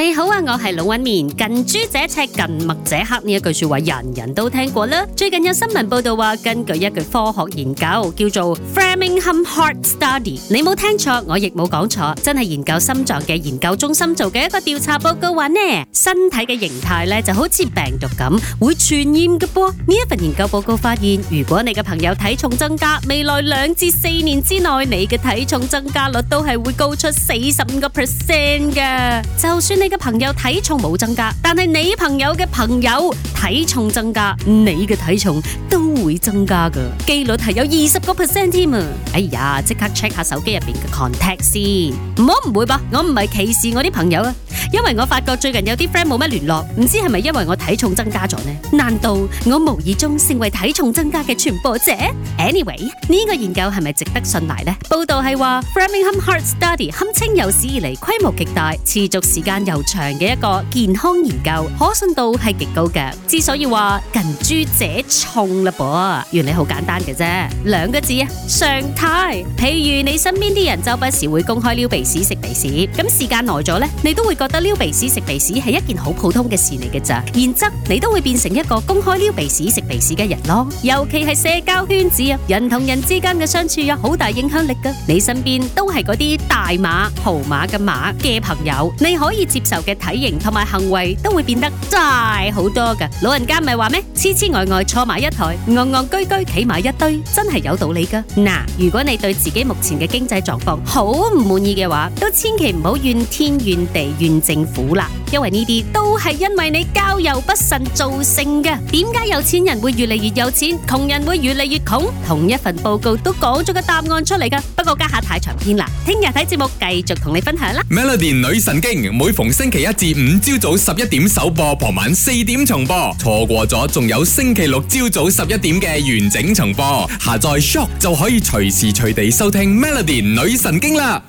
你好啊，我係龍紋敏，近朱者赤，近墨者黑，呢一句說話人人都聽過啦。最近有新聞報道話，根據一句科學研究叫做 Framingham Heart Study，你冇聽錯，我亦冇講錯，真係研究心臟嘅研究中心做嘅一個調查報告話呢，身體嘅形態咧就好似病毒咁會傳染嘅噃。呢一份研究報告發現，如果你嘅朋友體重增加，未來兩至四年之內，你嘅體重增加率都係會高出四十五個 percent 㗎，就算你，嘅朋友體重冇增加，但係你朋友嘅朋友體重增加，你嘅體重都會增加噶，幾率係有二十個 percent 添啊！哎呀，即刻 check 下手機入邊嘅 contact 先，唔唔會吧？我唔係歧視我啲朋友啊！因為我發覺最近有啲 friend 冇乜聯絡，唔知係咪因為我體重增加咗呢？難道我無意中成為體重增加嘅傳播者？Anyway，呢個研究係咪值得信賴呢？報道係話 Framingham Heart Study 堪稱有史以嚟規模極大、持續時間又長嘅一個健康研究，可信度係極高㗎。之所以話近朱者赤啦噃，原理好簡單嘅啫，兩個字啊，常態。譬如你身邊啲人周不時會公開撩鼻屎食鼻屎，咁時間耐咗咧，你都會覺。得撩鼻屎食鼻屎係一件好普通嘅事嚟嘅咋，然則你都會變成一個公開撩鼻屎食鼻屎嘅人咯。尤其係社交圈子啊，人同人之間嘅相處有、啊、好大影響力噶、啊。你身邊都係嗰啲大碼豪碼嘅碼嘅朋友，你可以接受嘅體型同埋行為都會變得大好多噶。老人家咪話咩？痴痴呆呆坐埋一台，憨憨居居企埋一堆，真係有道理噶。嗱，如果你對自己目前嘅經濟狀況好唔滿意嘅話，都千祈唔好怨天怨地怨。政府啦，因為呢啲都係因為你交友不慎造成嘅。點解有錢人會越嚟越有錢，窮人會越嚟越窮？同一份報告都講咗個答案出嚟噶。不過家下太長篇啦，聽日睇節目繼續同你分享啦。Melody 女神經每逢星期一至五朝早十一點首播，傍晚四點重播，錯過咗仲有星期六朝早十一點嘅完整重播。下載 Shock 就可以隨時隨地收聽 Melody 女神經啦。